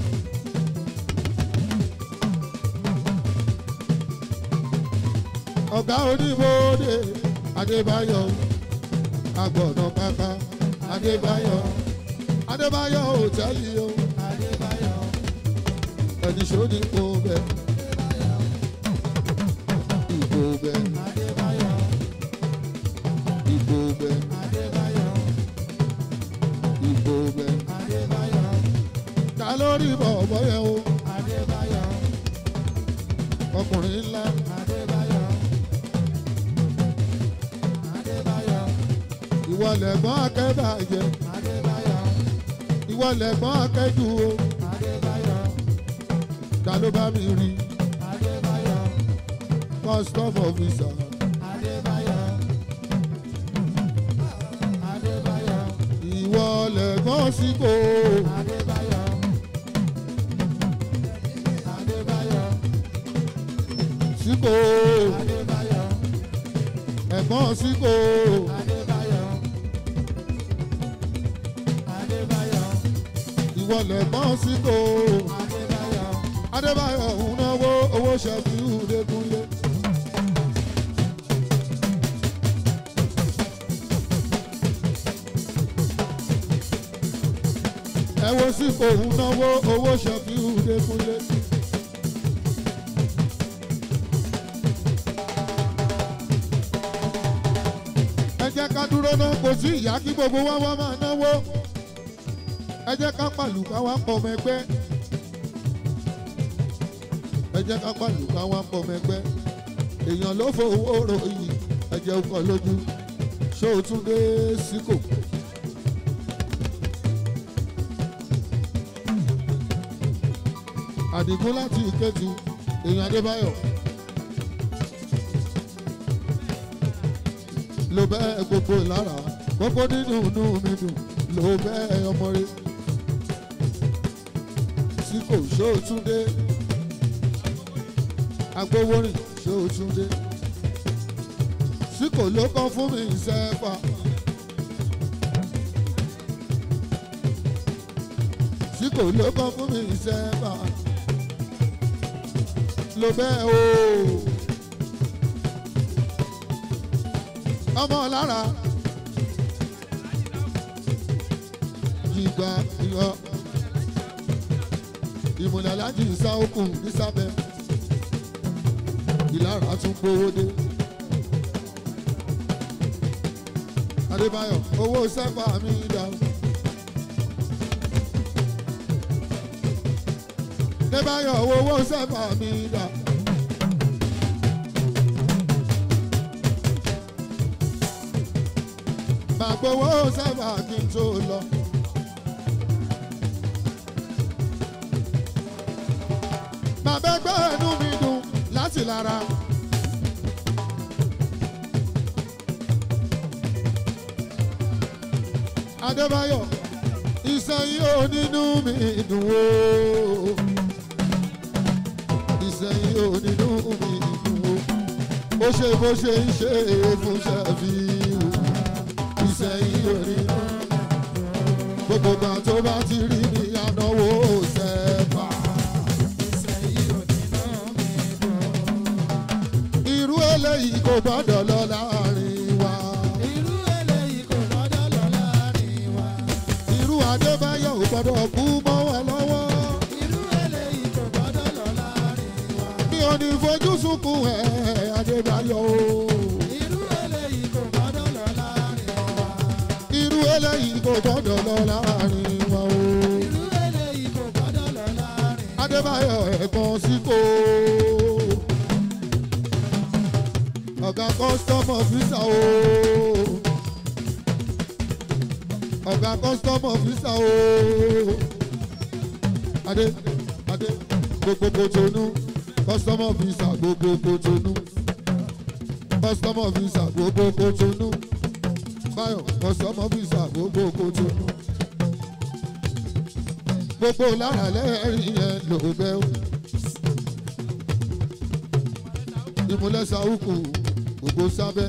ọ̀gá oníbòde Adébáyọ̀ o. agbọ̀nà pápá Adébáyọ̀ Adébáyọ̀ hòtẹ́ẹ̀lì o. Adébáyọ̀ ẹni ṣó ní kó bẹ́ẹ̀. Adélàyé ìwọ lẹ̀gbọ́n akẹ́jù o ta ló bá mi rí custom officer. ìwọ lẹ̀gbọ́n síkò. síkò ẹ̀gbọ́n síkò. lọlẹ̀ bọ́n síkò. Adébáyọ̀ ń náwó owó ṣẹ́gun lẹ́kúnlé. Ẹ wo síkò ń náwó owó ṣẹ́gun lẹ́kúnlé. Ẹ jẹ́ ká dúró náà kò sí ìyá kí gbogbo wa wá máa náwó ẹ jẹ́ ká pàlù ká wá pọ̀ ọmọ ẹgbẹ́ ẹ jẹ́ ká pàlù ká wá pọ̀ ọmọ ẹgbẹ́ èèyàn ló fowó ròyìn ẹ jẹ́ lójú ṣé síkò. àdìgún láti ìkẹ́tù èèyàn adébáyọ̀ ló bẹ́ẹ̀ gbogbo lára gbogbo nínú inú mi dùn ló bẹ́ẹ̀ ọmọ rẹ̀ lásìkò ṣóòtúndé agbowórin ṣóòtúndé síkò ló kàn fún mi ìṣẹ́pà. síkò ló kàn fún mi ìṣẹ́pà. ló bẹ́ẹ̀ o. ọmọ lára. ìgbà ìmọ̀lẹ̀ aláàjì ìsá okùn nísàbẹ̀ ìlara tún gbowó dé. Adébáyọ̀ owó sẹ́fà mi dà. Adébáyọ̀ owó sẹ́fà mi dà. Màgbowó sẹ́fà kí n tó lọ. sí lára. Adébáyọ̀ ìsẹ̀yìn ò nínú mi dùn ó. Ìsẹ̀yìn ò nínú mi dùn ó. Ó ṣe bó ṣe ń ṣe fún ṣàbí. Ìsẹ̀yìn ò nínú mi dùn ó. Gbogbo gbà tó bá ti rí mi ànáwó sẹ́ẹ̀. eléyìí kò gbọ́dọ̀ lọ láàrin wa. irú eléyìí kò gbọ́dọ̀ lọ láàrin wa. irú Adébáyọ̀ ò gbọ́dọ̀ kú mọ́ wa lọ́wọ́. irú eléyìí kò gbọ́dọ̀ lọ láàrin wa. mi ò ní fojú sunkún ẹ̀ Adébáyọ̀ o. irú eléyìí kò gbọ́dọ̀ lọ láàrin wa. irú eléyìí kò gbọ́dọ̀ lọ láàrin wa o. irú eléyìí kò gbọ́dọ̀ lọ láàrin wa. Adébáyọ̀ ẹ̀gbọ́n síkò ọ̀gá custom officer o ọ̀gá custom officer o adé adé gbogbo Kòtónú custom officer gbogbo Kòtónú custom officer gbogbo Kòtónú Báyọ̀ custom officer gbogbo Kòtónú gbogbo lára lẹ́rìn yẹn ló bẹ́ o ìmúlẹ̀ sáwùkù gbó sábẹ́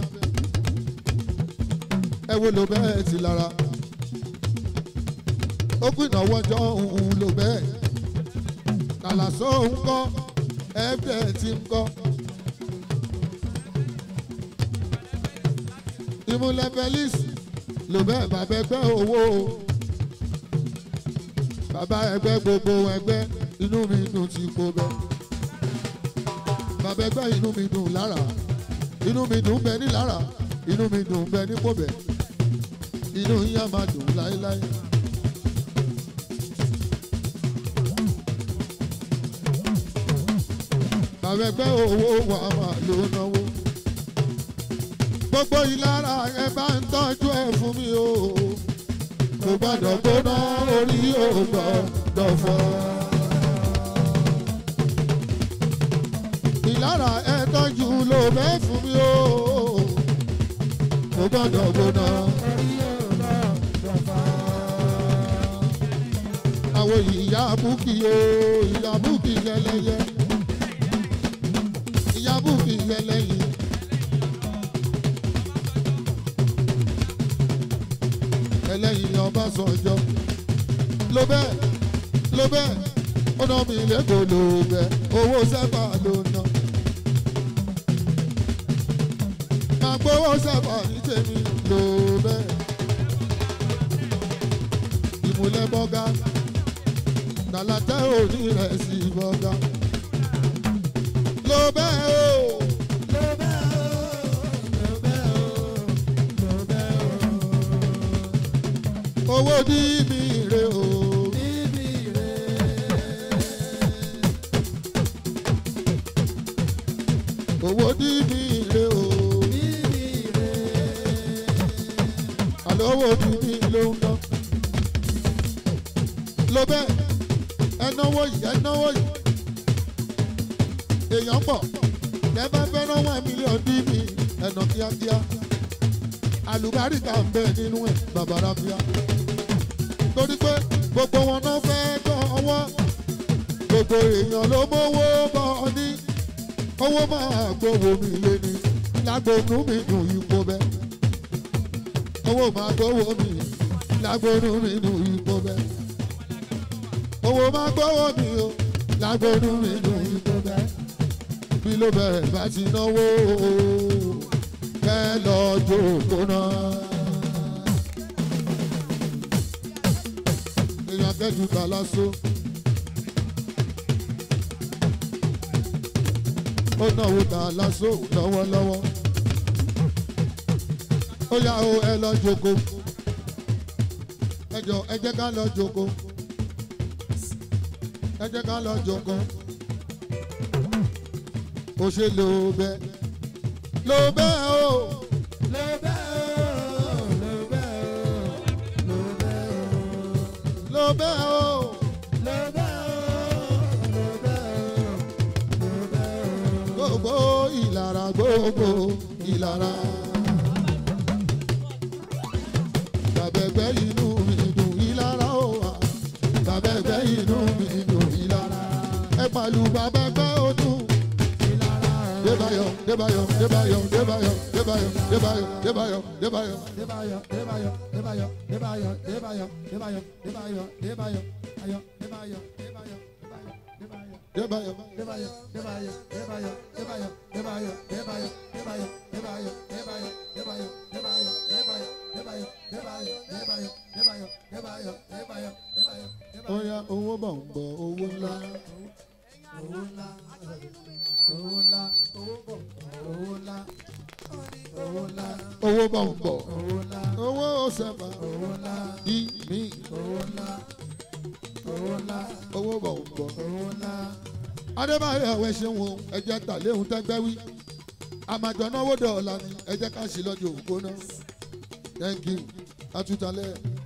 ẹ wo ló bẹ́ẹ̀ ti lára ó kú ìnáwó ọjọ́ òun ló bẹ́ẹ̀ kàlàsó ń kọ́ ẹ bẹ́ẹ̀ ti ń kọ́. ìmúlẹ̀ felix ló bẹ́ẹ̀ bàbá ẹgbẹ́ owó bàbá ẹgbẹ́ gbogbo ẹgbẹ́ inú mi dùn ti kó bẹ́ẹ̀ bàbá ẹgbẹ́ inú mi dùn lára inú mi dùn bẹ ní lára inú mi dùn bẹ ní pòbẹ inú yín á máa dùn láéláé. àwọn ẹgbẹ́ owó wà máa ló náwó. gbogbo ìlara ẹ bá ń tọ́jú ẹ fún mi o kò gbọ́dọ̀ gbóná orí ò gbọ́dọ̀ lára ẹ tọ́jú ló fẹ́ fún mi o kò gbọ́dọ̀ gbóná. àwọn ìyá búkì o ìyá búkì yẹlẹyẹ ìyá búkì yẹlẹyẹ. ẹlẹ́yìn Ọbásanjọ́ ló bẹ́ẹ̀ ló bẹ́ẹ̀ ó ná mi lẹ́kọ̀ọ́ ló bẹ́ẹ̀ owó sẹ́fà ló ná. gbowó sábà ní tèmi lò bẹ́ẹ̀. ìmùlẹ̀ bọ́gà nàlàtẹ́ òní rẹ̀ sí bọ́gà. lò bẹ́ẹ̀ o. owó díì. pọ̀ tẹ́ bá one million dí mi ẹ̀nà kíákíá àlùbáríkà ń bẹ nínú ẹ̀ bàbára kíá torí pé gbogbo wọn náà fẹ́ tán ọwọ́ gbogbo èèyàn ló mówó bọ́ ọ ní owó máa gbowó mi lé ní lágbónú mi dùn ipò bẹ́ẹ̀ owó máa gbowó mi lágbónú mi dùn ipò bẹ́ẹ̀ owó máa gbowó mi o lágbónú mi dùn ló bẹ̀rẹ̀ bá ti náwó kẹ́ lọ jókòó náà. èèyàn kẹ́jú gbà lásán. ó náwó gbà lásán lọ́wọ́lọ́wọ́. ó yá o ẹ lọ jókòó. ẹ jọ ẹ jẹ́ ká lọ jókòó. ẹ jẹ́ ká lọ jókòó o ṣe lò bẹ́ lò bẹ́ o lò bẹ́ o lò bẹ́ o lò bẹ́ o lò bẹ́ o lò bẹ́ o lò bẹ́ o lò bẹ́ o gbogbo ìlara gbogbo ìlara. Oya, Debayo, Debayo, Debayo, Debayo, Debayo, Debayo, owó bọ̀ ń bọ̀ Owó ńlá owó ńlá owó bọ̀ owó ńlá owó ńlá owó bọ̀ ń bọ̀ owó ńlá owó sẹ́fà owó ńlá bí mi owó ńlá owó ńlá owó bọ̀ ń bọ̀ owó ńlá. adébáyọ̀ ẹ̀wẹ̀ ṣeun o ẹ̀jẹ̀ tàléhùn tẹ́gbẹ́ wí àmàjọ náwó dọ̀ọ̀la ni ẹ̀jẹ̀ ká sí lọ́jọ́ òkú náà thank you àtúntàlẹ́.